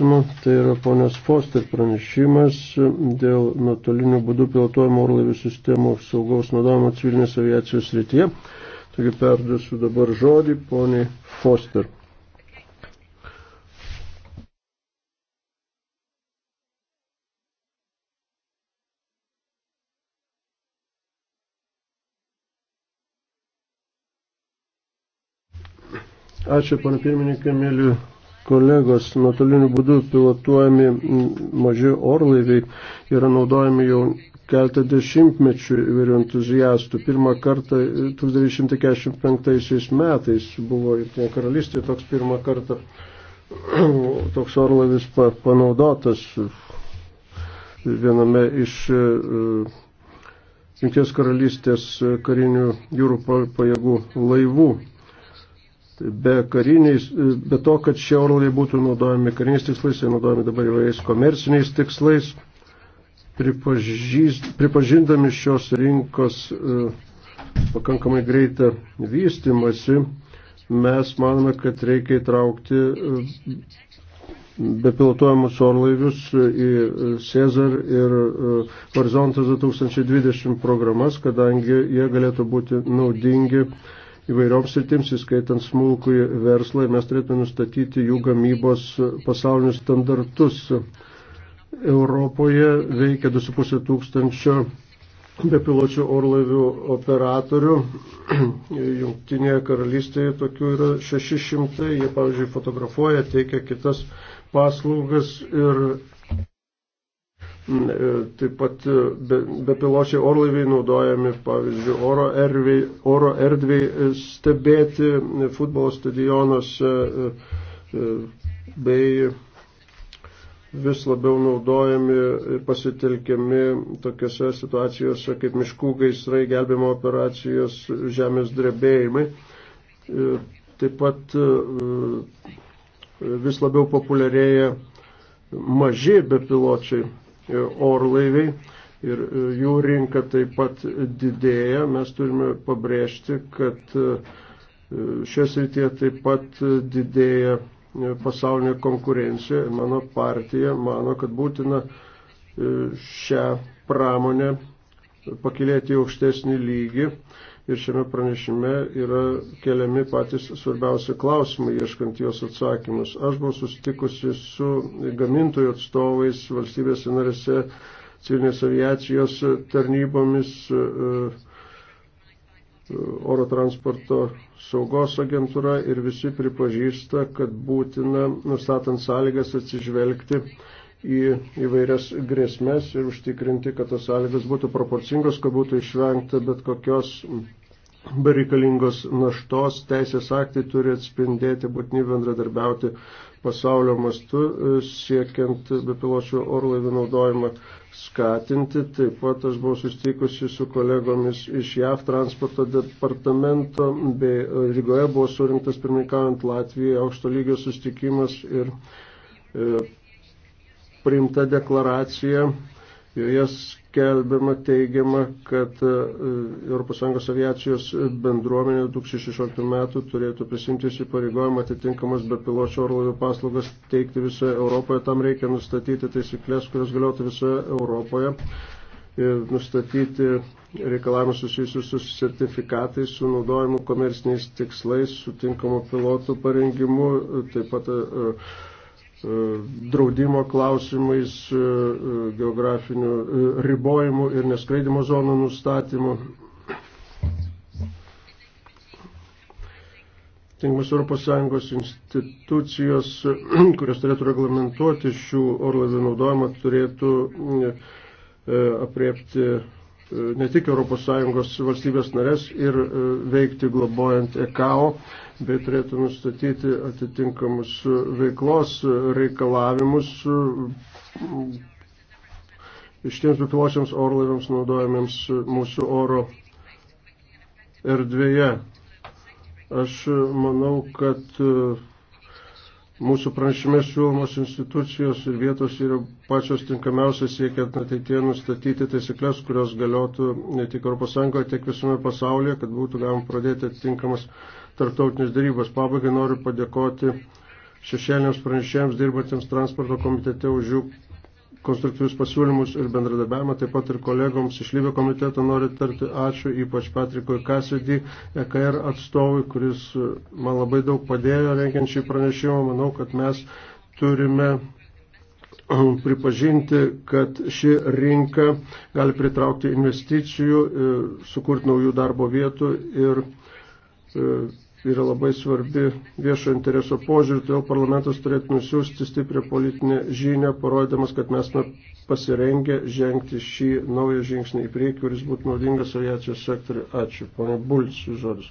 klausimą. Tai yra ponios Foster pranešimas dėl nuotolinių būdų pilotuojimo orlaivių sistemų saugaus naudojimo civilinės aviacijos srityje. Taigi perduosiu dabar žodį poniai Foster. Ačiū, pana pirmininkė, mėly kolegos, nuotoliniu būdu pilotuojami maži orlaiviai yra naudojami jau keltą dešimtmečių įvairių entuziastų. Pirmą kartą 1945 e, metais buvo Jungtinė karalystė toks pirmą kartą toks orlaivis pa, panaudotas viename iš e, e, Jungtinės karalystės karinių jūrų pajėgų laivų. Be, kariniais, be to, kad šie orlaiviai būtų naudojami kariniais tikslais, jie naudojami dabar įvairiais komerciniais tikslais, pripažindami šios rinkos e, pakankamai greitą vystimasi, mes manome, kad reikia įtraukti e, bepilotuojamus orlaivius į e, Cezar ir Horizontas 2020 programas, kadangi jie galėtų būti naudingi įvairioms sritims, įskaitant smulkų verslą, ir mes turėtume nustatyti jų gamybos pasaulinius standartus. Europoje veikia 2,5 tūkstančio bepiločių orlaivių operatorių. Jungtinėje karalystėje tokių yra 600. Jie, pavyzdžiui, fotografuoja, teikia kitas paslaugas ir Mm, e, taip pat e, bepiločiai be orlaiviai naudojami, pavyzdžiui, oro erdviai, oro erdviai e, stebėti futbolo stadionuose bei vis labiau naudojami ir pasitelkiami tokiose situacijose kaip miškų gaisrai, gelbimo operacijos, žemės drebėjimai. Taip pat vis labiau populiarėja maži bepiločiai E, orlaiviai ir e, jų rinka taip pat didėja. Mes turime pabrėžti, kad e, šios rytie taip pat didėja pasaulinė konkurencija. Mano partija mano, kad būtina šią pramonę pakilėti į aukštesnį lygį ir šiame pranešime yra keliami patys svarbiausi klausimai, ieškant jos atsakymus. Aš buvau susitikusi su gamintojų atstovais valstybės narėse civilinės aviacijos tarnybomis, e, e, oro transporto saugos agentūra ir visi pripažįsta, kad būtina, nustatant sąlygas, atsižvelgti į įvairias grėsmės ir užtikrinti, kad tos sąlygos būtų proporcingos, kad būtų išvengta bet kokios bereikalingos naštos teisės aktai turi atspindėti būtinį bendradarbiauti pasaulio mastu, e, siekiant bepiločių orlaivių naudojimą skatinti. Taip pat aš buvau sustikusi su kolegomis iš JAV transporto departamento, bei e, Rygoje buvo surinktas pirmininkaujant Latvijai aukšto lygio sustikimas ir e, priimta deklaracija Joje skelbiama teigiama, kad ES aviacijos bendruomenė 2016 metų turėtų prisimti įsipareigojimą atitinkamas bepiločio orlaivių paslaugas teikti visoje Europoje. Tam reikia nustatyti taisyklės, kurios galiotų visoje Europoje ir nustatyti reikalavimus susijusius su sertifikatais, su naudojimu komerciniais tikslais, su tinkamu pilotų parengimu, taip pat uh, E, draudimo klausimais, e, e, geografinių ribojimų ir neskraidimo zonų nustatymų. Tinkamas ES institucijos, kurios turėtų reglamentuoti šių orlaivių naudojimą, turėtų apriepti ne tik ES valstybės narės ir e, veikti globojant EKAO, bei turėtų nustatyti atitinkamus veiklos reikalavimus ištiems bepilosiams orlaiviams naudojamiems mūsų oro erdvėje. Aš manau, kad e, Mūsų pranešime siūlomos institucijos ir vietos yra pačios tinkamiausios siekiant ateitie nustatyti taisyklės, kurios galiotų ne tik ES, tiek visame pasaulyje, kad būtų galima pradėti atitinkamas tarptautinės darybos. Pabaigai noriu padėkoti šešėliniams pranešėjams dirbantiems transporto komitete už jų konstruktyvius pasiūlymus ir bendradarbiavimą. Taip pat ir kolegoms iš Lybio komiteto noriu tarti ačiū, ypač Patrikui Kasidį, EKR atstovui, kuris man labai daug padėjo renkiant šį pranešimą. Manau, kad mes turime pripažinti, kad ši rinka gali pritraukti investicijų, e, sukurti naujų darbo vietų ir e, yra labai svarbi viešo intereso požiūrį, todėl parlamentas turėtų nusiųsti stiprią politinę žinią, parodydamas, kad mes pasirengę žengti šį naują žingsnį į priekį, kuris būtų naudingas aviacijos sektoriui. Ačiū. Pane Bulc, jūs žodis.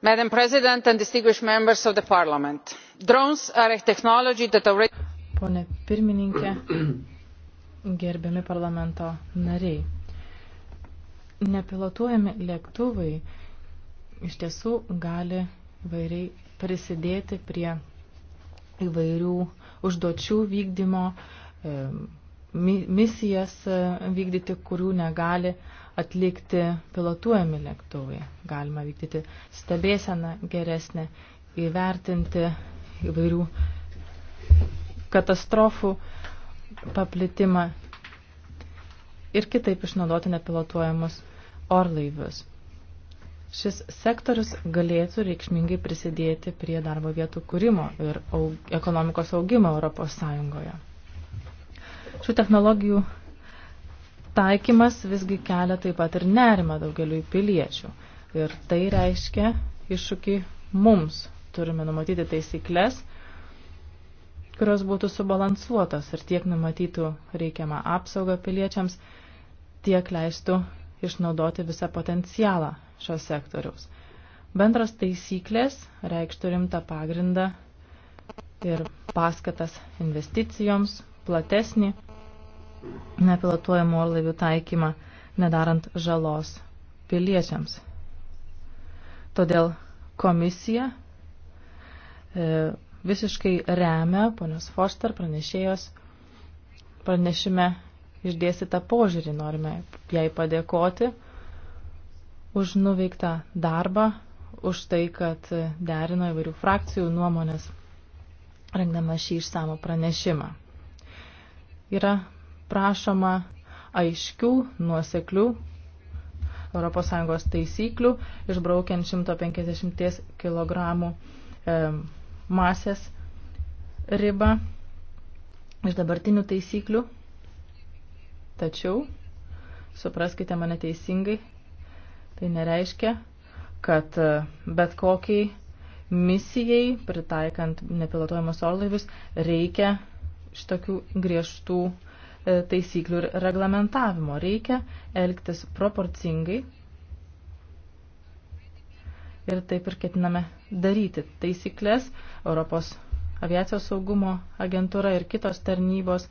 Madam President and distinguished members of the Parliament, drones are a technology that already. Pone pirmininkė, gerbiami parlamento nariai. Nepilotuojami lėktuvai iš tiesų gali vairiai prisidėti prie įvairių užduočių vykdymo, e, misijas e, vykdyti, kurių negali atlikti pilotuojami lėktuvai. Galima vykdyti stebėseną geresnę, įvertinti įvairių katastrofų paplitimą ir kitaip išnaudoti nepilotuojamus orlaivius. Šis sektorius galėtų reikšmingai prisidėti prie darbo vietų kūrimo ir aug, ekonomikos augimo Europos Sąjungoje. Šių technologijų taikymas visgi kelia taip pat ir nerima daugeliui piliečių. Ir tai reiškia iššūkį mums. Turime numatyti taisyklės, kurios būtų subalansuotos ir tiek numatytų reikiamą apsaugą piliečiams, tiek leistų išnaudoti visą potencialą šios sektoriaus. Bendros taisyklės reikštų rimtą pagrindą ir paskatas investicijoms, platesnį nepilotuojamų orlaivių taikymą, nedarant žalos piliečiams. Todėl komisija e, visiškai remia ponios Foster pranešėjos pranešime išdėstytą požiūrį. Norime jai padėkoti už nuveiktą darbą, už tai, kad derino įvairių frakcijų nuomonės, rengdama šį išsamų pranešimą. Yra prašoma aiškių, nuoseklių ES taisyklių, išbraukiant 150 kg e, masės ribą iš dabartinių taisyklių Tačiau, supraskite mane teisingai, tai nereiškia, kad e, bet kokiai misijai, pritaikant nepilotuojamus orlaivius, reikia šitokių griežtų e, taisyklių ir reglamentavimo. Reikia elgtis proporcingai ir taip ir ketiname daryti. Taisyklės Europos aviacijos saugumo agentūra ir kitos tarnybos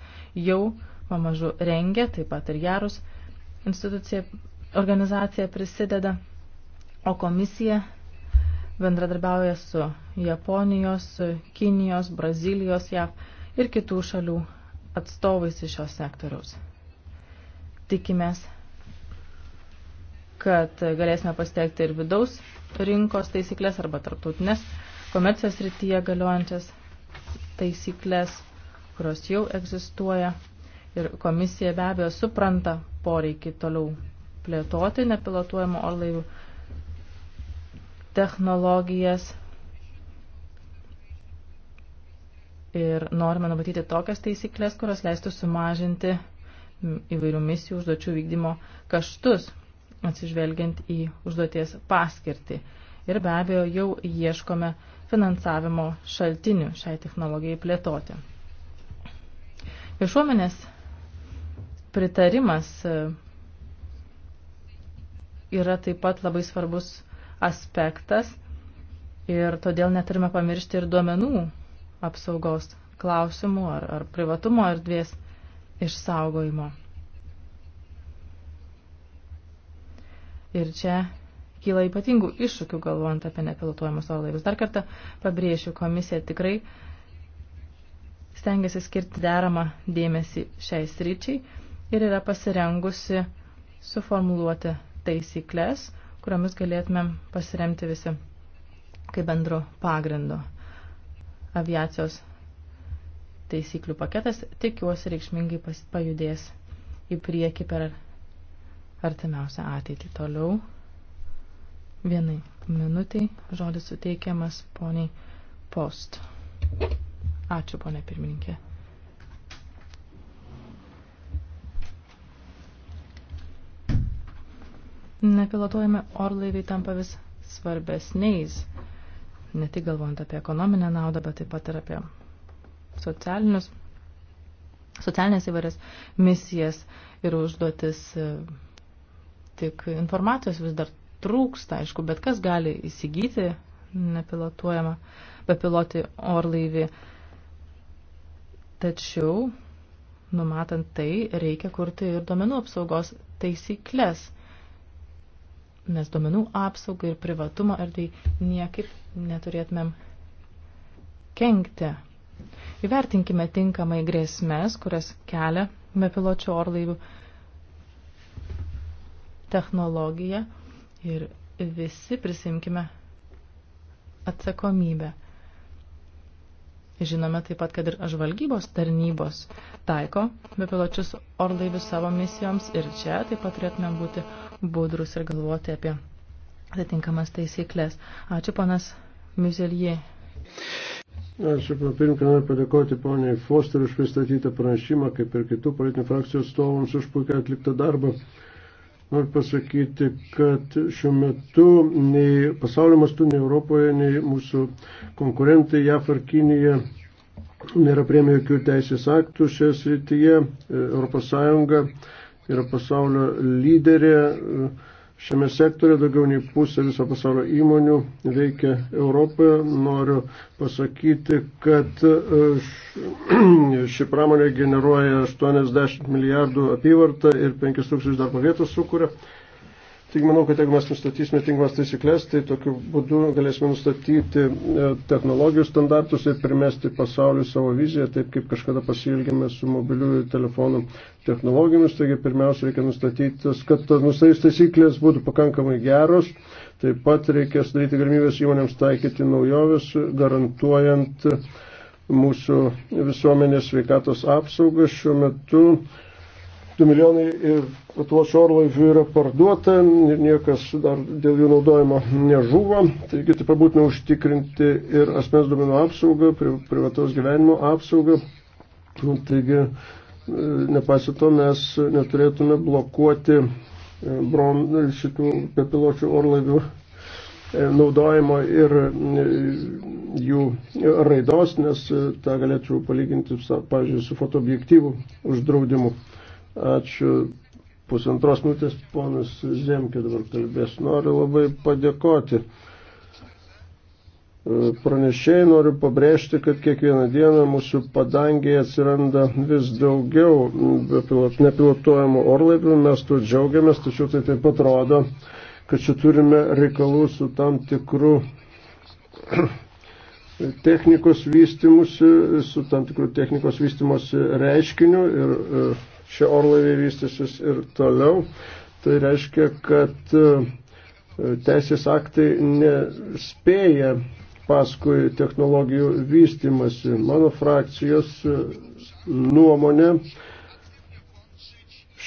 jau pamažu rengia, taip pat ir Jarus institucija, organizacija prisideda, o komisija bendradarbiauja su Japonijos, Kinijos, Brazilijos, JAV ir kitų šalių atstovais iš šios sektoriaus. Tikimės, kad galėsime pasitekti ir vidaus rinkos taisyklės arba tarptautinės komercijos rytyje galiojančias taisyklės, kurios jau egzistuoja Ir komisija be abejo supranta poreikį toliau plėtoti nepilotuojamų orlaivių technologijas. Ir norime numatyti tokias taisyklės, kurios leistų sumažinti įvairių misijų užduočių vykdymo kaštus, atsižvelgiant į užduoties paskirtį. Ir be abejo, jau ieškome finansavimo šaltinių šiai technologijai plėtoti. Viešuomenės pritarimas e, yra taip pat labai svarbus aspektas ir todėl neturime pamiršti ir duomenų apsaugos klausimų ar, ar privatumo erdvės išsaugojimo. Ir čia kyla ypatingų iššūkių galvojant apie nepilotuojamus orlaivius. Dar kartą pabrėšiu, komisija tikrai stengiasi skirti deramą dėmesį šiai sryčiai ir yra pasirengusi suformuluoti taisyklės, kuriomis galėtumėm pasiremti visi kaip bendru pagrindu. Aviacijos taisyklių paketas tikiuosi reikšmingai pajudės į priekį per artimiausią ateitį. Toliau vienai minutiai žodis suteikiamas poniai post. Ačiū, ponė pirmininkė. Nepilotuojami orlaiviai tampa vis svarbesniais, ne tik galvojant apie ekonominę naudą, bet taip pat ir apie socialinius, socialinės įvairias misijas ir užduotis. E, tik informacijos vis dar trūksta, aišku, bet kas gali įsigyti nepilotuojamą bepilotį orlaivį. Tačiau, numatant tai, reikia kurti ir domenų apsaugos taisyklės mes domenų apsaugą ir privatumo ir tai niekaip neturėtumėm kenkti. Įvertinkime tinkamai grėsmės, kurias kelia bepiločių orlaivių technologija ir visi prisimkime atsakomybę. Žinome taip pat, kad ir žvalgybos tarnybos taiko bepiločius orlaivius savo misijoms ir čia taip pat turėtume būti budrus ir galvoti apie atitinkamas taisyklės. Ačiū, panas Mizelie. Ačiū, papirmkime, noriu padėkoti poniai Foster už pristatytą pranešimą, kaip ir kitų politinių frakcijų atstovams už puikiai atliktą darbą. Noriu pasakyti, kad šiuo metu nei pasaulio mastu, nei Europoje, nei mūsų konkurentai JAF ar Kinija nėra priemi jokių teisės aktų šioje srityje. Europos Sąjunga yra pasaulio lyderė. E, šiame sektoriu daugiau nei pusė viso pasaulio įmonių veikia Europoje. Noriu pasakyti, kad e, ši pramonė generuoja 80 milijardų apyvartą ir 5000 darbo vietų sukuria. Tik manau, kad jeigu mes nustatysime tinkamas taisyklės, tai tokiu būdu galėsime nustatyti e, technologijų standartus ir primesti pasauliu savo viziją, taip kaip kažkada pasilgėme su mobiliųjų telefonų technologijomis. Taigi pirmiausia, reikia nustatyti, kad nustatys taisyklės būtų pakankamai geros. Taip pat reikia sudaryti galimybės įmonėms taikyti naujoves, garantuojant mūsų visuomenės sveikatos apsaugą šiuo metu 2 milijonai Lietuvos orlaivių yra parduota ir niekas dar dėl jų naudojimo nežuvo. Taigi taip pat būtume užtikrinti ir asmens duomenų apsaugą, pri, privataus gyvenimo apsaugą. Taigi, e, nepasito mes neturėtume blokuoti e, bron, šitų bepiločių orlaivių e, naudojimo ir jų raidos, nes tą galėčiau palyginti, pavyzdžiui, su fotoobjektyvų uždraudimu. Ačiū. Pusantros minutės ponas Zemke dabar kalbės. Noriu labai padėkoti. E, pranešėjai noriu pabrėžti, kad kiekvieną dieną mūsų padangėje atsiranda vis daugiau nepilotuojamų orlaivių. Mes tuo džiaugiamės, tačiau tai taip pat rodo, kad čia turime reikalų su tam tikru technikos vystimusi, su tam tikru technikos vystimosi reiškiniu ir e, šie orlaiviai vystysis ir toliau. Tai reiškia, kad e, teisės aktai nespėja paskui technologijų vystimasi. Mano frakcijos e, nuomonė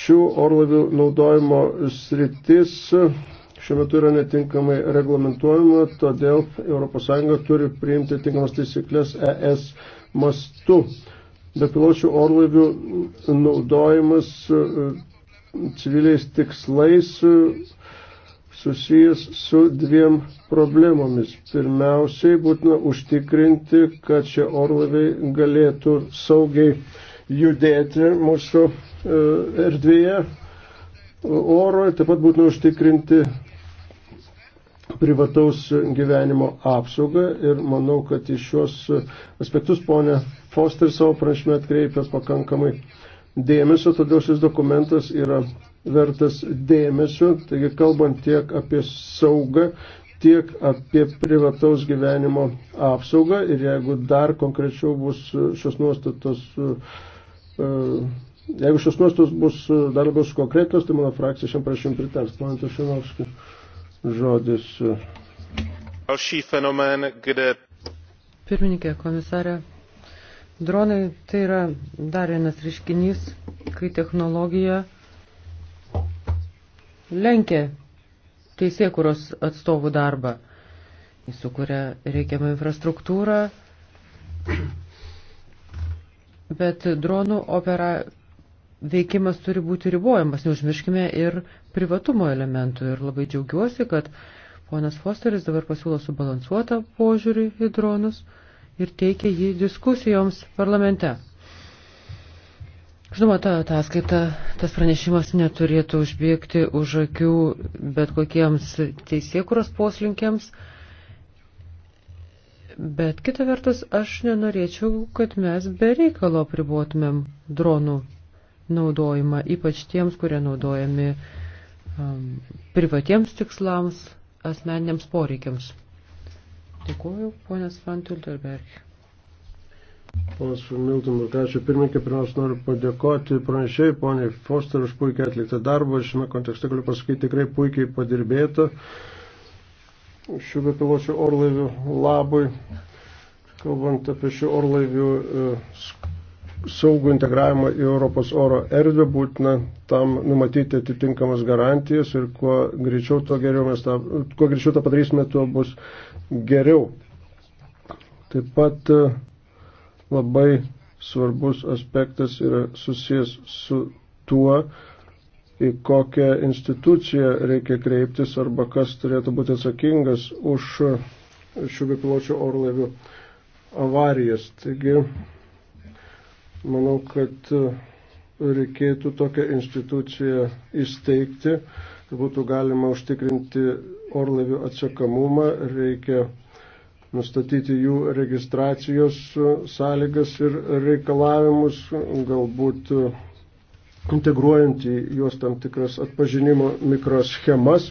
šių orlaivių naudojimo sritis e, šiuo metu yra netinkamai reglamentuojama, todėl ES turi priimti tinkamas taisyklės ES mastu. Bepiločių orlaivių naudojimas e, civiliais tikslais e, susijęs su dviem problemomis. Pirmiausiai būtina užtikrinti, kad šie orlaiviai galėtų saugiai judėti mūsų e, erdvėje oro, taip pat būtina užtikrinti privataus gyvenimo apsaugą ir manau, kad į šios aspektus ponė Foster savo prašymę atkreipia pakankamai dėmesio, todėl šis dokumentas yra vertas dėmesio, taigi kalbant tiek apie saugą, tiek apie privataus gyvenimo apsaugą ir jeigu dar konkrečiau bus šios nuostatos, e, jeigu šios nuostatos bus dar labiau sukonkretos, tai mano frakcija šiam prašym pritars. Man tai šinovskis žodis. E, Další fenomen, kde. Pirmininkė, komisarė, dronai tai yra dar vienas reiškinys, kai technologija lenkia teisėkuros atstovų darbą. Jis sukuria reikiamą infrastruktūrą, bet dronų opera, veikimas turi būti ribojamas, neužmirškime ir privatumo elementų. Ir labai džiaugiuosi, kad ponas Fosteris dabar pasiūlo subalansuotą požiūrį į dronus ir teikia jį diskusijoms parlamente. Žinoma, ta ataskaita, tas pranešimas neturėtų užbėgti už akių bet kokiems teisėkuros poslinkiams. Bet kita vertus, aš nenorėčiau, kad mes be reikalo pribuotumėm dronų naudojimą, ypač tiems, kurie naudojami um, privatiems tikslams, asmeniniams poreikiams. Dėkuoju, ponas Van Tulterberg. Ponas Miltonburg, ačiū pirmininkė, pirmiausia noriu padėkoti pranešėjai, poniai Foster, už puikiai atliktą darbą. Šiame kontekste galiu pasakyti, tikrai puikiai padirbėta šių bepiločių orlaivių labui. Kalbant apie šių orlaivių e, saugų integravimą į Europos oro erdvę būtina tam numatyti atitinkamas garantijas ir kuo greičiau, to geriau mes tą, kuo greičiau tą padarysime, tuo bus geriau. Taip pat e, labai svarbus aspektas yra susijęs su tuo, į kokią instituciją reikia kreiptis arba kas turėtų būti atsakingas už šių bepiločių orlaivių avarijas. Taigi, Manau, kad e, reikėtų tokią instituciją įsteigti, kad būtų galima užtikrinti orlaivių atsakamumą, reikia nustatyti jų registracijos e, sąlygas ir reikalavimus, galbūt e, integruojant į juos tam tikras atpažinimo mikroschemas.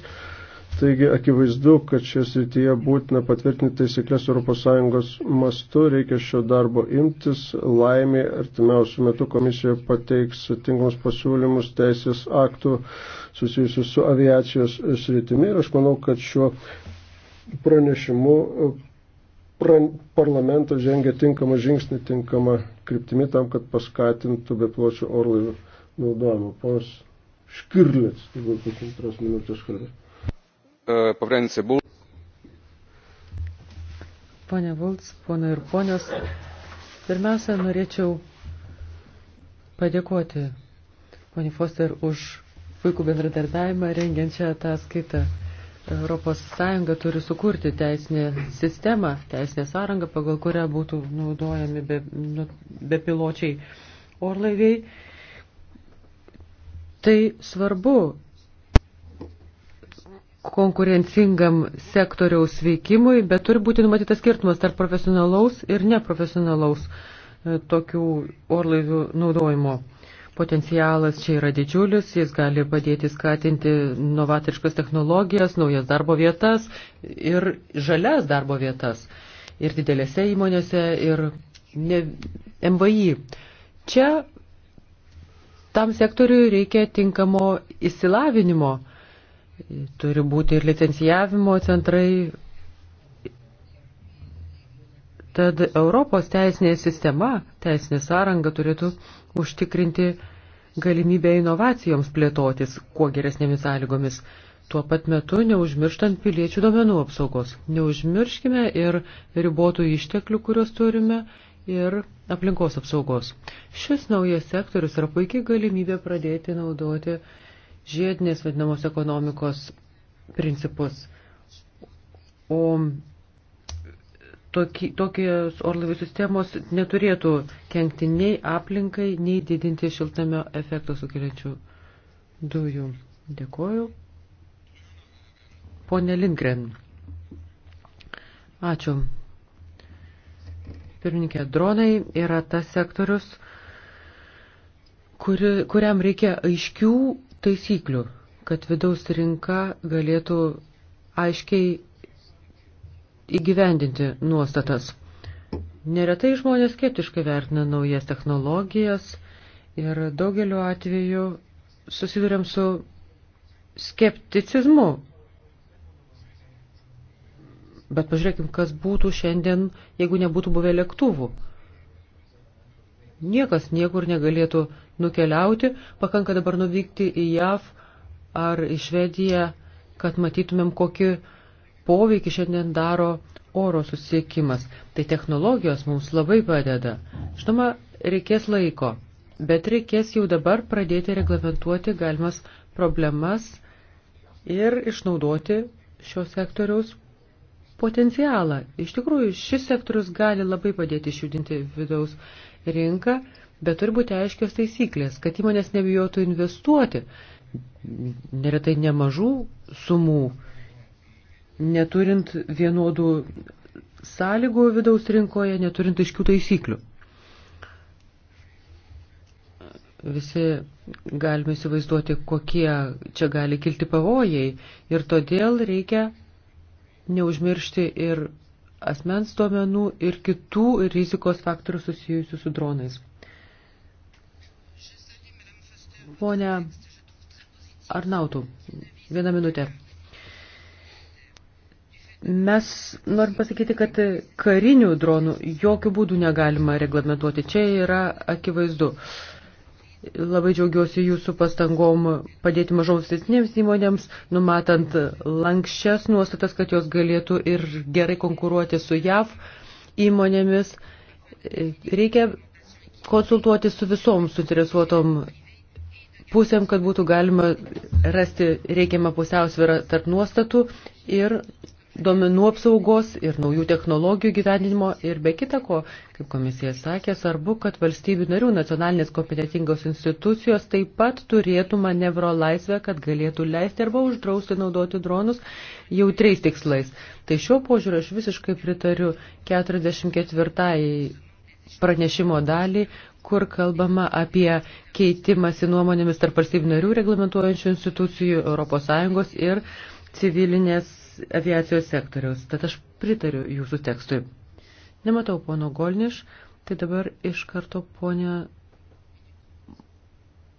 Taigi akivaizdu, kad šioje srityje būtina patvirtinti taisyklės ES mastu, reikia šio darbo imtis. Laimė artimiausių metų komisija pateiks tinkamus pasiūlymus teisės aktų susijusius su aviacijos sritimi ir aš manau, kad šiuo pranešimu pran, parlamentas žengia tinkamą žingsnį, tinkamą kryptimį tam, kad paskatintų bepločių orlaivių naudojimą. Ponas Škirlės, jeigu tai antros minutės kalbės. E, Pavrence Bul. Pone Vults, ponai ir ponios, pirmiausia, norėčiau padėkoti poniai Foster už puikų bendradarbiavimą rengiančią ataskaitą. Europos Sąjunga turi sukurti teisinę sistemą, teisinę sąrangą, pagal kurią būtų naudojami be, nu, bepiločiai orlaiviai. Tai svarbu konkurencingam sektoriaus veikimui, bet turi būti numatytas skirtumas tarp profesionalaus ir neprofesionalaus e, tokių orlaivių naudojimo. Potencialas čia yra didžiulis, jis gali padėti skatinti novatoriškas technologijas, naujas darbo vietas ir žalias darbo vietas. Ir didelėse įmonėse, ir ne, MVI. Čia tam sektoriui reikia tinkamo įsilavinimo Turi būti ir licencijavimo centrai. Tad Europos teisinė sistema, teisinė sąranga turėtų užtikrinti galimybę inovacijoms plėtotis kuo geresnėmis sąlygomis, tuo pat metu neužmirštant piliečių domenų apsaugos. Neužmirškime ir ribotų išteklių, kuriuos turime, ir aplinkos apsaugos. Šis naujas sektorius yra puikiai galimybė pradėti naudoti žiedinės vadinamos ekonomikos principus. O tokios orlaivių sistemos neturėtų kenkti nei aplinkai, nei didinti šiltame efekto sukeliančių dujų. Dėkoju. Pone Lindgren. Ačiū. Pirmininkė, dronai yra tas sektorius, kuri, kuriam reikia aiškių taisyklių, kad vidaus rinka galėtų aiškiai įgyvendinti nuostatas. Neretai žmonės skeptiškai vertina naujas technologijas ir daugeliu atveju susidurėm su skepticizmu. Bet pažiūrėkim, kas būtų šiandien, jeigu nebūtų buvę lėktuvų. Niekas niekur negalėtų nukeliauti, pakanka dabar nuvykti į JAV ar į Švediją, kad matytumėm, kokį poveikį šiandien daro oro susiekimas. Tai technologijos mums labai padeda. Žinoma, reikės laiko, bet reikės jau dabar pradėti reglamentuoti galimas problemas ir išnaudoti šio sektoriaus potencialą. Iš tikrųjų, šis sektorius gali labai padėti išjudinti vidaus rinką, bet turi būti aiškios taisyklės, kad įmonės nebijotų investuoti neretai nemažų sumų, neturint vienodų sąlygų vidaus rinkoje, neturint aiškių taisyklių. Visi galime įsivaizduoti, kokie čia gali kilti pavojai ir todėl reikia neužmiršti ir asmens duomenų ir kitų rizikos faktorių susijusių su dronais. Pone Arnautų, vieną minutę. Mes norim pasakyti, kad karinių dronų jokių būdų negalima reglamentuoti. Čia yra akivaizdu. Uh, Labai džiaugiuosi jūsų pastangom padėti mažoms vidutinėms įmonėms, numatant lankščias nuostatas, kad jos galėtų ir gerai konkuruoti su JAV įmonėmis. Reikia konsultuoti su visom suinteresuotom pusėm, kad būtų galima rasti reikiamą pusiausvyrą tarp nuostatų ir duomenų apsaugos ir naujų technologijų gyvenimo ir be kitako, kaip komisija sakė, svarbu, kad valstybių narių nacionalinės kompetentingos institucijos taip pat turėtų manevro laisvę, kad galėtų leisti arba uždrausti naudoti dronus jautriais tikslais. Tai šiuo požiūriu aš visiškai pritariu 44 pranešimo dalį, kur kalbama apie keitimąsi nuomonėmis tarp valstybių narių reglamentuojančių institucijų ES ir civilinės aviacijos sektoriaus, tad aš pritariu jūsų tekstui. Nematau pono Golniš, tai dabar iš karto ponia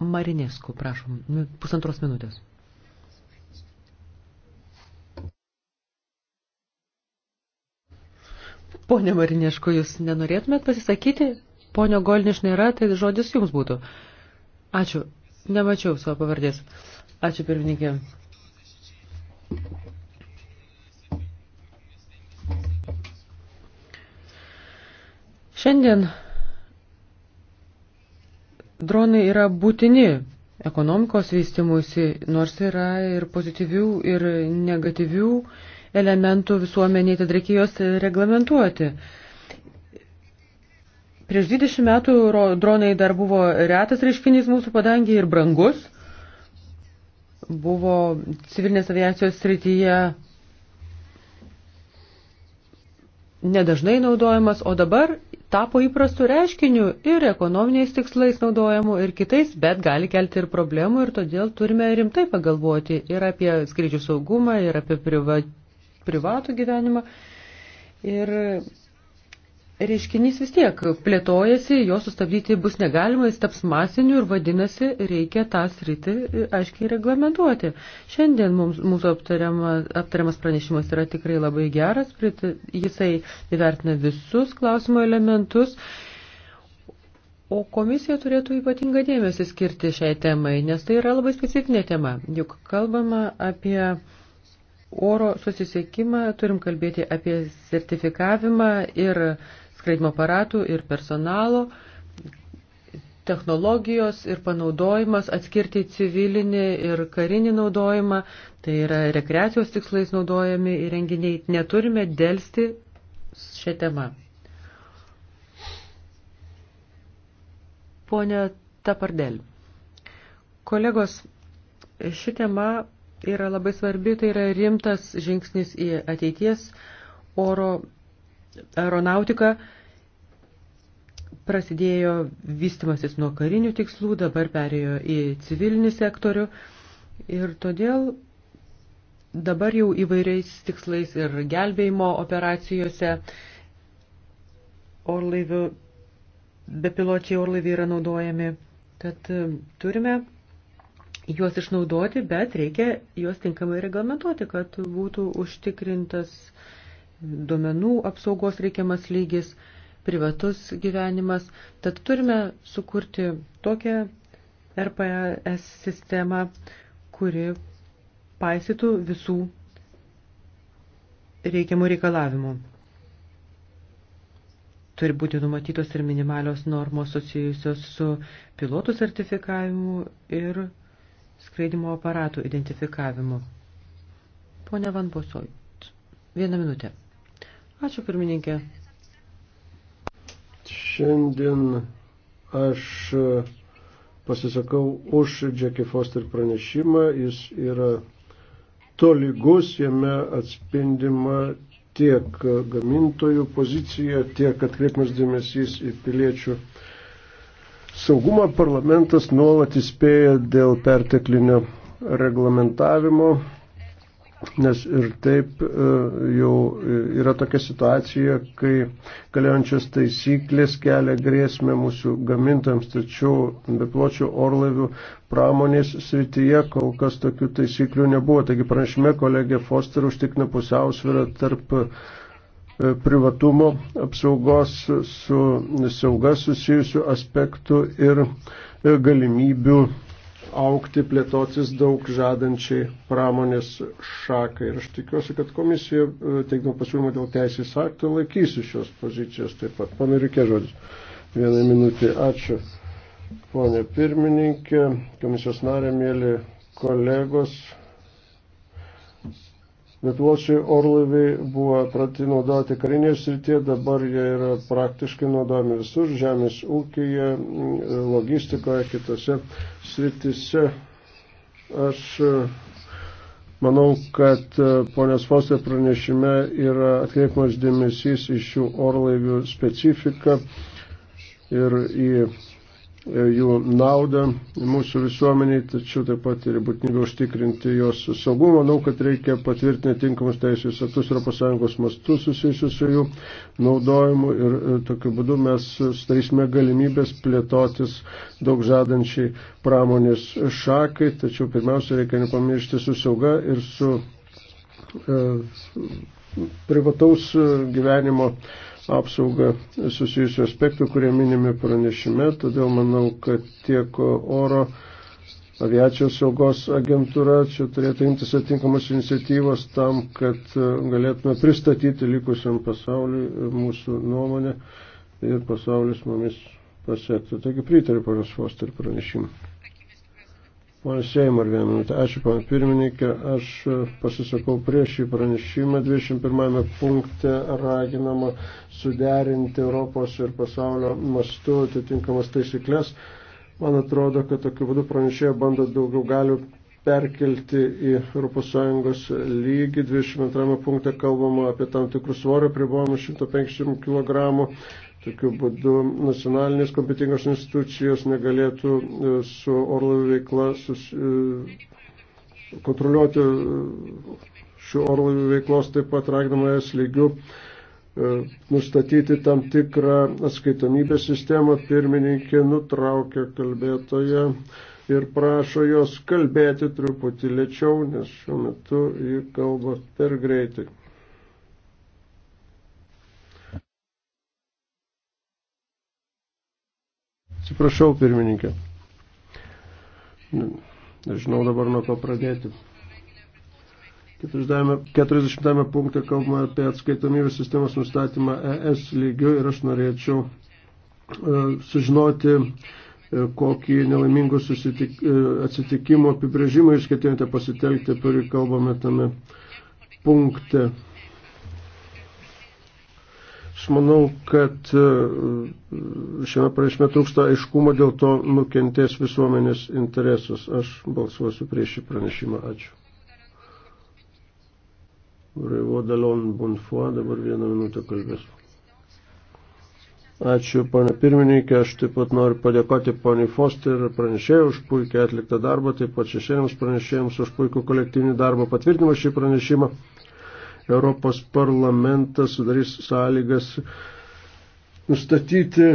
Marinesku, prašom, nu, pusantros minutės. Pone Marineško, jūs nenorėtumėt pasisakyti? Ponio Golniš nėra, tai žodis jums būtų. Ačiū. Nemačiau savo pavardės. Ačiū, pirmininkė. Šiandien dronai yra būtini ekonomikos vystimuisi, nors yra ir pozityvių, ir negatyvių elementų visuomeniai, tad reikia juos reglamentuoti. Prieš 20 metų dronai dar buvo retas reiškinys mūsų padangė ir brangus. Buvo civilinės aviacijos srityje nedažnai naudojamas, o dabar tapo įprastų reiškinių ir ekonominiais tikslais naudojamų ir kitais, bet gali kelti ir problemų ir todėl turime rimtai pagalvoti ir apie skrydžių saugumą, ir apie priva, privatų gyvenimą. Ir reiškinys vis tiek plėtojasi, jo sustabdyti bus negalima, jis taps masiniu ir vadinasi, reikia tą sritį e, aiškiai reglamentuoti. Šiandien mums, mūsų aptariama, aptariamas pranešimas yra tikrai labai geras, prit, jisai įvertina visus klausimo elementus. O komisija turėtų ypatingą dėmesį skirti šiai temai, nes tai yra labai specifinė tema. Juk kalbama apie oro susisiekimą, turim kalbėti apie sertifikavimą ir skraidimo aparatų ir personalo, technologijos ir panaudojimas, atskirti civilinį ir karinį naudojimą, tai yra rekreacijos tikslais naudojami įrenginiai, neturime dėlsti šią temą. Pone Tapardel, kolegos, ši tema yra labai svarbi, tai yra rimtas žingsnis į ateities oro aeronautika prasidėjo vystimasis nuo karinių tikslų, dabar perėjo į civilinį sektorių ir todėl dabar jau įvairiais tikslais ir gelbėjimo operacijose orlaivių, bepiločiai orlaiviai yra naudojami. Tad e, turime juos išnaudoti, bet reikia juos tinkamai reglamentuoti, kad būtų užtikrintas uh, duomenų apsaugos reikiamas lygis, privatus gyvenimas. Tad turime sukurti tokią RPS sistemą, kuri paisytų visų reikiamų reikalavimų. Turi būti numatytos ir minimalios normos susijusios su pilotų sertifikavimu ir skraidimo aparatų identifikavimu. Pone Van Bosoit, vieną minutę. Ačiū pirmininkė. Šiandien aš e, pasisakau už Jackie Foster pranešimą. Jis yra tolygus, jame atspindima tiek gamintojų pozicija, tiek atkreipimas dėmesys į piliečių saugumą. Parlamentas nuolat įspėja dėl perteklinio reglamentavimo nes ir taip e, jau yra tokia situacija, kai galiojančios taisyklės kelia grėsmę mūsų gamintams, tačiau bepločių orlaivių pramonės srityje kol kas tokių taisyklių nebuvo. Taigi pranešime kolegė Foster užtikna pusiausvyrą tarp e, privatumo apsaugos su sauga susijusių aspektų ir e, galimybių aukti, plėtotis daug žadančiai pramonės šakai. Ir aš tikiuosi, kad komisija, e, teikdama pasiūlymą dėl teisės aktų, laikysi šios pozicijos taip pat. Pana Rikė žodis. Vieną minutį. Ačiū. Pone pirmininkė, komisijos narė, mėly kolegos, Lietuvosčiai orlaiviai buvo prati naudoti karinėje srityje, dabar jie yra praktiškai naudojami visur, žemės ūkija, logistikoje, kitose srityse. Aš e, manau, kad e, ponios Foster pranešime yra atkreipimas dėmesys į šių orlaivių specifiką ir į E, jų naudą mūsų visuomeniai, tačiau taip pat ir būtinybę užtikrinti jos saugumą. Manau, kad reikia patvirtinti tinkamus teisės aktus ES mastu susijusius su jų naudojimu ir e, tokiu būdu mes starysime galimybės plėtotis daug žadančiai pramonės šakai, tačiau pirmiausia reikia nepamiršti su sauga ir su e, privataus gyvenimo e, apsaugą susijusių aspektų, kurie minimi pranešime. Todėl manau, kad tiek oro aviacijos saugos agentūra čia turėtų imtis atinkamos iniciatyvos tam, kad galėtume pristatyti likusiam pasauliu mūsų nuomonę ir pasaulis mumis pasiektų. Taigi pritariu panas Foster pranešimą. Mano Seimar vieną minutę. Ačiū, pana pirmininkė. Aš pasisakau prieš šį pranešimą. 21 punkte raginama suderinti Europos ir pasaulio mastu atitinkamas taisyklės. Man atrodo, kad tokiu būdu pranešėja bando daugiau galių perkelti į ES lygį. 22 punkte kalbama apie tam tikrų svorio pribojimus 150 kg Tokiu būdu nacionalinės kompetingos institucijos negalėtų e, su orlaivių veikla sus, e, kontroliuoti e, šių orlaivių veiklos taip pat raginamąjas lygių nustatyti tam tikrą atskaitomybės sistemą. Pirmininkė nutraukia kalbėtoje ir prašo jos kalbėti truputį lėčiau, nes šiuo metu ji kalba per greitai. Atsiprašau, pirmininkė. Nežinau dabar nuo ko pradėti. 40 punkte kalbama apie atskaitomybės sistemos nustatymą ES lygiu ir aš norėčiau e, sužinoti, e, kokį nelaimingų susitik, e, atsitikimo apibrėžimą jūs ketinate pasitelkti, kurį kalbame tame punkte. Aš manau, kad e, šiame prašme trūksta aiškumo, dėl to nukentės visuomenės interesas. Aš balsuosiu prieš šį pranešimą. Ačiū. Raivo Dalon Bonfoy dabar vieną minutę kalbės. Ačiū, ponė pirmininkė, aš taip pat noriu padėkoti poniai Foster pranešėjai už puikiai atliktą darbą, taip pat šešėliams pranešėjams už puikų kolektyvinį darbą patvirtinimą šį pranešimą. Europos parlamentas sudarys sąlygas nustatyti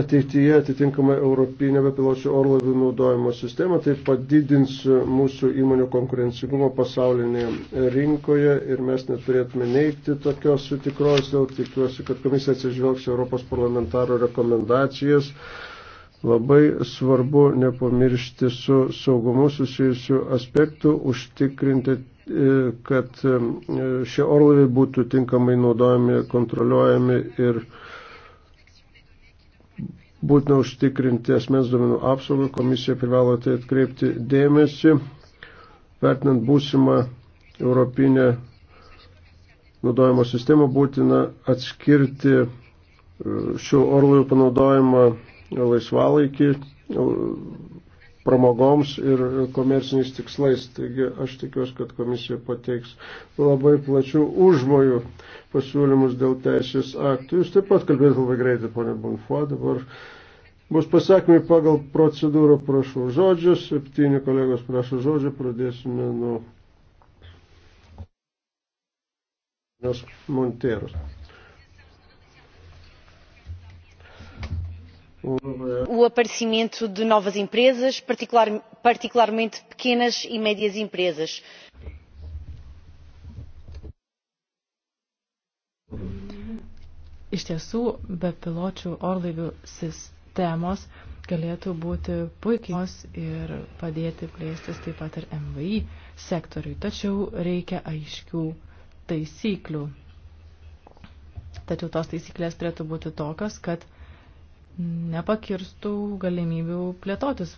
ateityje atitinkamą europinę bepiločių orlaivių naudojimo sistemą, tai padidins mūsų įmonių konkurencingumą pasaulinėje rinkoje ir mes neturėtume neikti tokios sutikros, dėl tikiuosi, kad komisija atsižvelgs Europos parlamentaro rekomendacijas. Labai svarbu nepamiršti su saugumu susijusių aspektų, užtikrinti kad e, šie orlaiviai būtų tinkamai naudojami, kontroliuojami ir būtina užtikrinti asmens duomenų apsaugą. Komisija privalo tai atkreipti dėmesį, vertinant būsimą europinę naudojimo sistemą būtina atskirti e, šių orlaivių panaudojimą laisvalaikį pramogoms ir komerciniais tikslais. Taigi aš tikiuosi, kad komisija pateiks labai plačių užmojų pasiūlymus dėl teisės aktų. Jūs taip pat kalbėt labai greitai, ponė Bonfo, dabar bus pasakymai pagal procedūrą, prašau žodžio, septyni kolegos prašo žodžio, pradėsime nuo Monteros. o aparecimento de novas empresas, particular, particularmente pequenas e médias empresas. Iš tiesų, bepiločių orlaivių sistemos galėtų būti puikios ir padėti plėstis taip pat ir MVI sektoriui, tačiau reikia aiškių taisyklių. Tačiau tos taisyklės turėtų būti tokios, kad nepakirstų galimybių plėtotis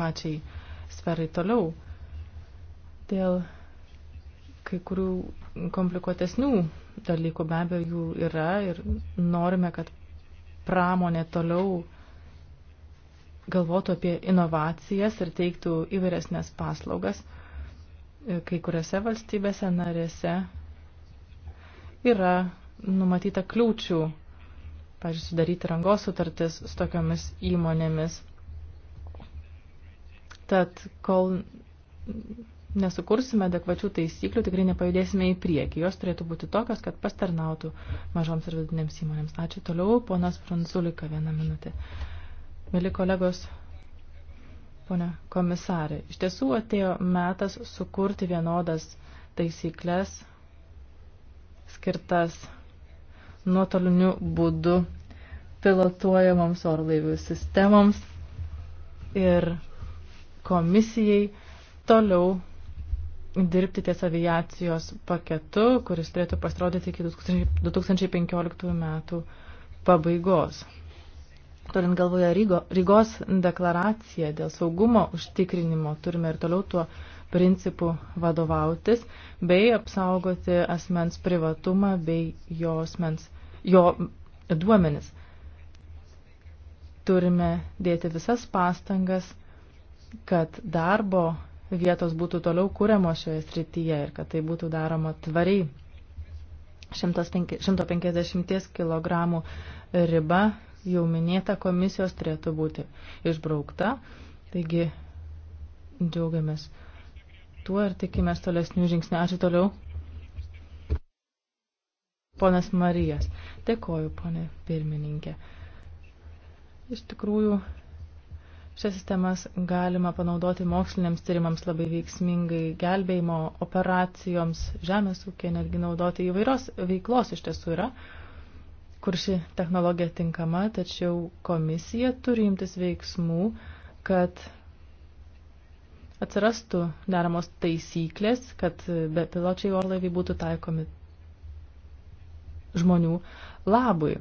pačiai sferai toliau. Dėl kai kurių komplikuotesnių dalykų be abejo jų yra ir norime, kad pramonė toliau galvotų apie inovacijas ir teiktų įvairesnės paslaugas. E, kai kuriuose valstybėse narėse yra numatyta kliūčių pažiūrėjau, sudaryti rangos sutartis su tokiomis įmonėmis. Tad kol nesukursime adekvačių taisyklių, tikrai nepajudėsime į priekį. Jos turėtų būti tokios, kad pastarnautų mažoms ir vidutinėms įmonėms. Ačiū toliau, ponas Pranculika, vieną minutę. Mili kolegos, ponia komisarė, iš tiesų atėjo metas sukurti vienodas taisyklės skirtas nuotoliniu būdu pilotuojamoms orlaivių sistemoms ir komisijai toliau dirbti ties aviacijos paketu, kuris turėtų pasirodyti iki 2015 metų pabaigos. Turint galvoje Rygo, Rygos deklaraciją dėl saugumo užtikrinimo, turime ir toliau tuo principų vadovautis bei apsaugoti asmens privatumą bei jo, asmens, jo duomenis. Turime dėti visas pastangas, kad darbo vietos būtų toliau kūriamos šioje srityje ir kad tai būtų daroma tvariai. 150 kg riba jau minėta komisijos turėtų būti išbraukta. Taigi džiaugiamės tuo ir tikimės tolesnių žingsnių. Ačiū toliau. Ponas Marijas. Dėkoju, ponė pirmininkė. Iš tikrųjų, šias sistemas galima panaudoti moksliniams tyrimams labai veiksmingai, gelbėjimo operacijoms, žemės ūkė, netgi naudoti įvairios veiklos iš tiesų yra, kur ši technologija tinkama, tačiau komisija turi imtis veiksmų, kad atsirastų deramos taisyklės, kad bepiločiai orlaiviai būtų taikomi žmonių labui.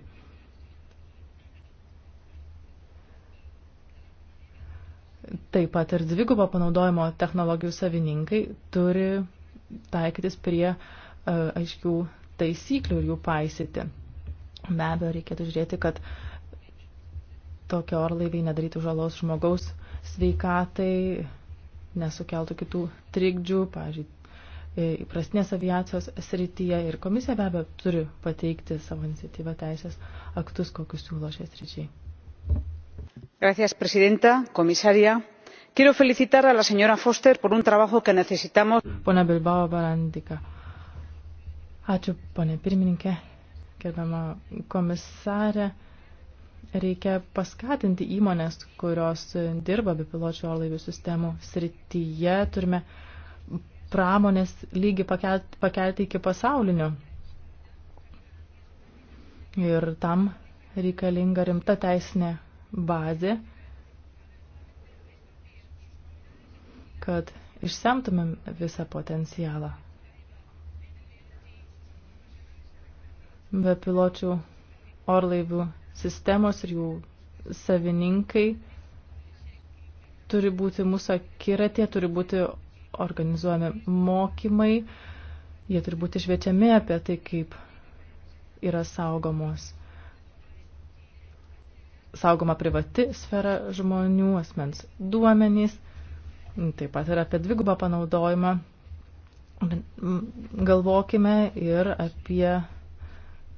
Taip pat ir dvigubo panaudojimo technologijų savininkai turi taikytis prie e, aiškių taisyklių ir jų paisyti. Be abejo, reikėtų žiūrėti, kad tokie orlaiviai nedarytų žalos žmogaus sveikatai, nesukeltų kitų trikdžių, pažiūrėjau, e, įprastinės aviacijos srityje ir komisija be abejo turi pateikti savo iniciatyvą teisės aktus, kokius siūlo šiais ryčiai. Gracias, presidenta, komisarija. Quiero felicitar a la señora Foster por un trabajo que necesitamos. Pone Bilbao Barandika. Ačiū, pone pirmininkė, gerbiama komisarė reikia paskatinti įmonės, kurios dirba bepiločių orlaivių sistemų srityje. Turime pramonės lygį pakelti, pakelti iki pasaulinio. Ir tam reikalinga rimta teisinė bazė, kad išsemtumėm visą potencialą. Be piločių orlaivių sistemos ir jų savininkai turi būti mūsų akiratė, turi būti organizuojami mokymai, jie turi būti šviečiami apie tai, kaip yra saugomos. Saugoma privati sfera žmonių, asmens duomenys, taip pat ir apie dvigubą panaudojimą. Galvokime ir apie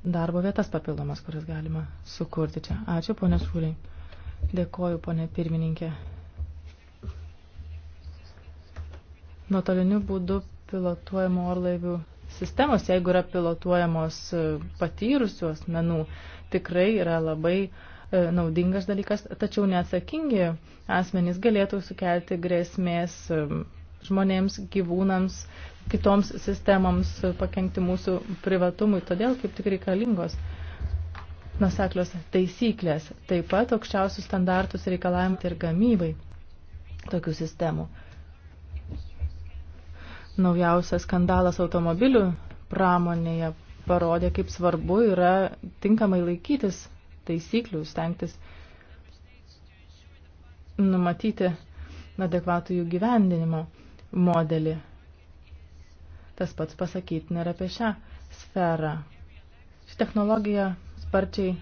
darbo vietas papildomas, kuris galima sukurti čia. Ačiū, ponė Šūliai. Dėkoju, ponė pirmininkė. Nuotoliniu būdu pilotuojamų orlaivių sistemos, jeigu yra pilotuojamos e, patyrusių asmenų, tikrai yra labai e, naudingas dalykas, tačiau neatsakingi asmenys galėtų sukelti grėsmės e, žmonėms, gyvūnams, kitoms sistemoms pakengti mūsų privatumui. Todėl kaip tik reikalingos nuseklios taisyklės, taip pat aukščiausius standartus reikalavimai ir gamybai tokių sistemų. Naujausias skandalas automobilių pramonėje parodė, kaip svarbu yra tinkamai laikytis taisyklių, stengtis numatyti adekvatų jų gyvendinimo modelį. Tas pats pasakyti nėra apie šią sferą. Ši technologija sparčiai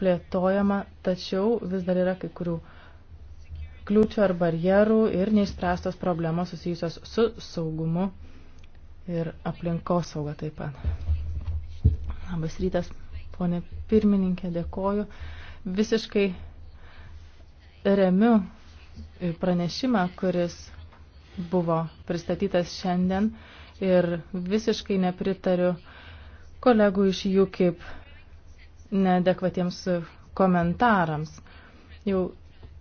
plėtojama, tačiau vis dar yra kai kurių kliūčių ar barjerų ir neišspręstos problemos susijusios su saugumu ir aplinkos sauga taip pat. Labas rytas, ponė pirmininkė, dėkoju. Visiškai remiu pranešimą, kuris buvo pristatytas šiandien ir visiškai nepritariu kolegų iš jų kaip neadekvatiems komentarams. Jau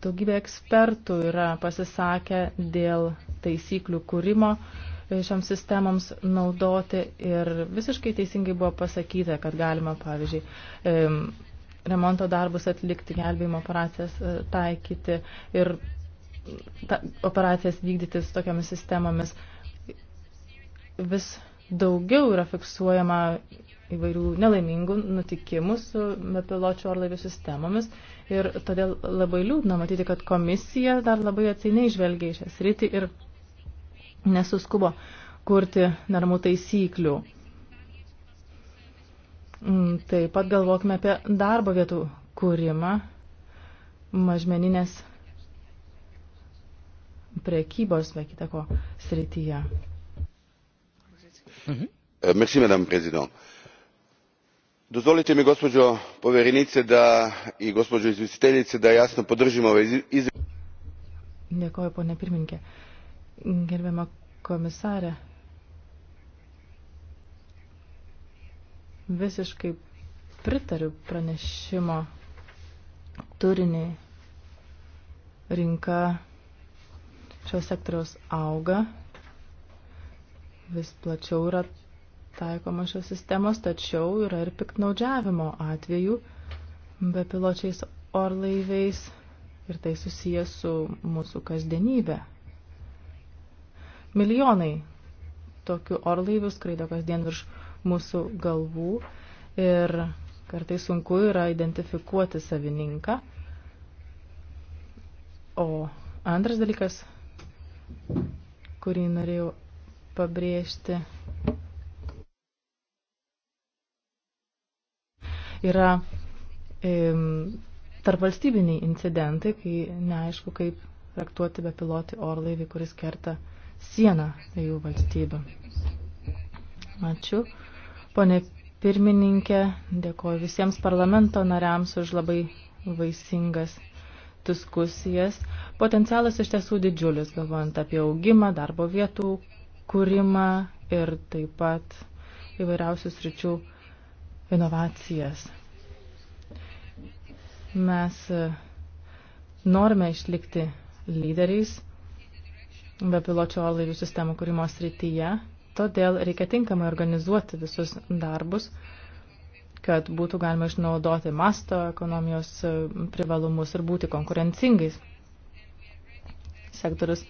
daugybė ekspertų yra pasisakę dėl taisyklių kūrimo šioms sistemoms naudoti ir visiškai teisingai buvo pasakyta, kad galima, pavyzdžiui, remonto darbus atlikti, gelbėjimo operacijas e, taikyti ir ta, operacijas vykdyti su tokiamis sistemomis. Vis daugiau yra fiksuojama įvairių nelaimingų nutikimų su bepiločių orlaivių sistemomis ir todėl labai liūdna matyti, kad komisija dar labai atsiniai žvelgia į šią sritį ir nesuskubo kurti normų taisyklių. Mm, taip pat galvokime apie darbo vietų kūrimą mažmeninės prekybos, be kitako, srityje. Mhm. E, merci, madame prezident. Dozvolite mi, gospođo povjerenice da, i gospođo izvjestiteljice, da jasno podržimo ovaj izvještaj. Dėkoju, ponė pirmininkė. Gerbiama komisarė, visiškai pritariu pranešimo turiniai. Rinka šios sektoriaus auga, vis plačiau yra taikoma šios sistemos, tačiau yra ir piknaudžiavimo atvejų bepiločiais orlaiviais ir tai susijęs su mūsų kasdienybė. Milijonai tokių orlaivių skraido kasdien virš mūsų galvų ir kartai sunku yra identifikuoti savininką. O antras dalykas kurį norėjau pabrėžti, yra e, tarpvalstybiniai incidentai, kai neaišku, kaip traktuoti bepilotį orlaivį, kuris kerta sieną jų valstybių. Ačiū. Pone pirmininkė, dėkoju visiems parlamento nariams už labai vaisingas diskusijas. Potencialas iš tiesų didžiulis, galvojant apie augimą, darbo vietų kūrimą ir taip pat įvairiausių sričių inovacijas. Mes e, norime išlikti lyderiais be piločio orlaivių sistemų kūrimo srityje, todėl reikia tinkamai organizuoti visus darbus kad būtų galima išnaudoti masto ekonomijos e, privalumus ir būti konkurencingais. Sektorius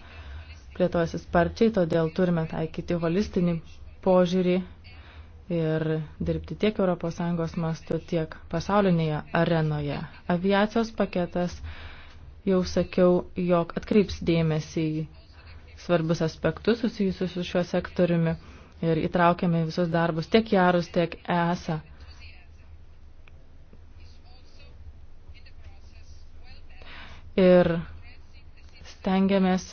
plėtojasi sparčiai, todėl turime taikyti holistinį požiūrį ir dirbti tiek ES mastu, tiek pasaulinėje arenoje. Aviacijos paketas, jau sakiau, jog atkreips dėmesį į svarbius aspektus susijusius su šiuo sektoriumi ir įtraukiame visus darbus tiek jarus, tiek ESA ir stengiamės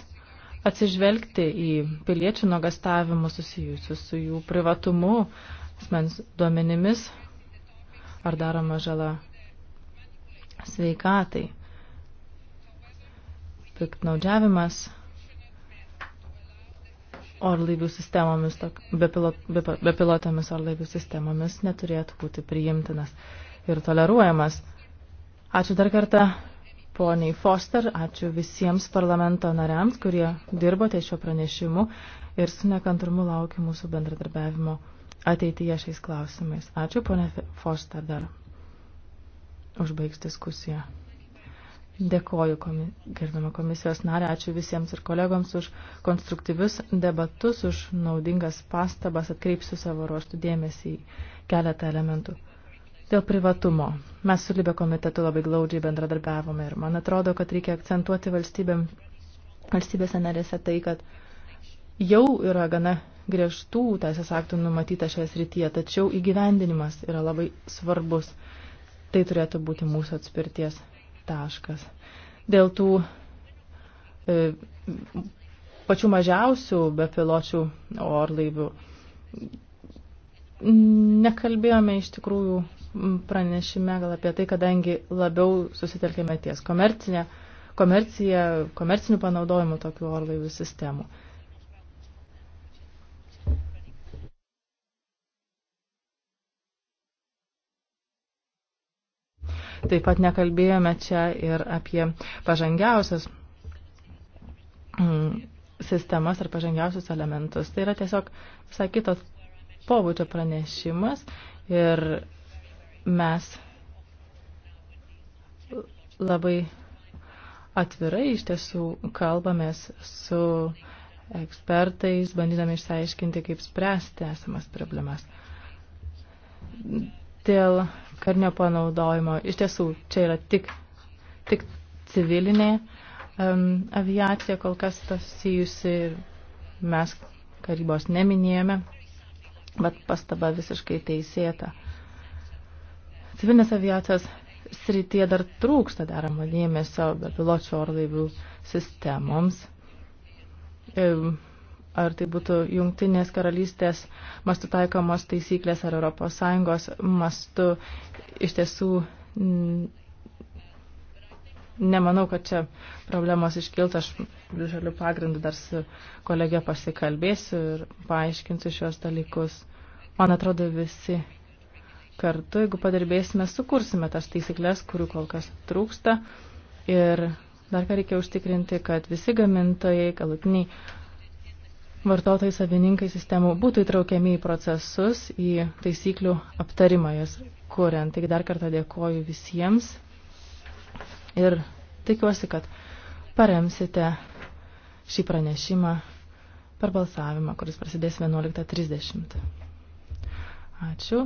atsižvelgti į piliečių nuogastavimus susijusius su jų privatumu, asmens duomenimis ar daroma žala sveikatai. Piktnaudžiavimas orlaivių sistemomis, bepilotėmis orlaivių sistemomis neturėtų būti priimtinas ir toleruojamas. Ačiū dar kartą poniai Foster, ačiū visiems parlamento nariams, kurie dirbote šio pranešimu ir su nekantrumu laukiu mūsų bendradarbiavimo ateityje šiais klausimais. Ačiū ponia Foster dar užbaigs diskusiją. Dėkoju komi gerbimo komisijos narė, ačiū visiems ir kolegoms už konstruktyvius debatus, už naudingas pastabas, atkreipsiu savo ruoštų dėmesį į keletą elementų. Dėl privatumo. Mes su Libė komitetu labai glaudžiai bendradarbiavome ir man atrodo, kad reikia akcentuoti valstybėm, valstybėse narėse tai, kad jau yra gana griežtų teisės aktų numatyta šioje srityje, tačiau įgyvendinimas yra labai svarbus. Tai turėtų būti mūsų atspirties taškas. Dėl tų e, pačių mažiausių bepiločių orlaivių nekalbėjome iš tikrųjų pranešime gal apie tai, kadangi labiau susitelkėme ties komercinė, komercija, komercinių panaudojimų tokių orlaivių sistemų. Taip pat nekalbėjome čia ir apie pažangiausias mm, sistemas ar pažangiausius elementus. Tai yra tiesiog visai kitos pobūdžio pranešimas ir mes labai atvirai iš tiesų kalbamės su ekspertais, bandydami išsiaiškinti, kaip spręsti esamas problemas. Dėl karnio panaudojimo, iš tiesų, čia yra tik, tik civilinė um, aviacija, kol kas susijusi ir mes karybos neminėjome, bet pastaba visiškai teisėta. Civilinės aviacijos srityje dar trūksta deramo dėmesio bepiločių orlaivių sistemoms. Ar tai būtų jungtinės karalystės mastu taikomos taisyklės ar ES mastu, iš tiesų nemanau, kad čia problemos iškiltų. Aš žaliu pagrindu dar su kolegė pasikalbėsiu ir paaiškinsiu šios dalykus. Man atrodo, visi kartu, jeigu padirbėsime, sukursime tas taisyklės, kurių kol kas trūksta. Ir dar ką reikia užtikrinti, kad visi gamintojai, galutiniai vartotojai, savininkai sistemų būtų įtraukiami į procesus, į taisyklių aptarimą jas kuriant. Taigi dar kartą dėkoju visiems ir tikiuosi, kad paremsite šį pranešimą per balsavimą, kuris prasidės 11.30. Ačiū.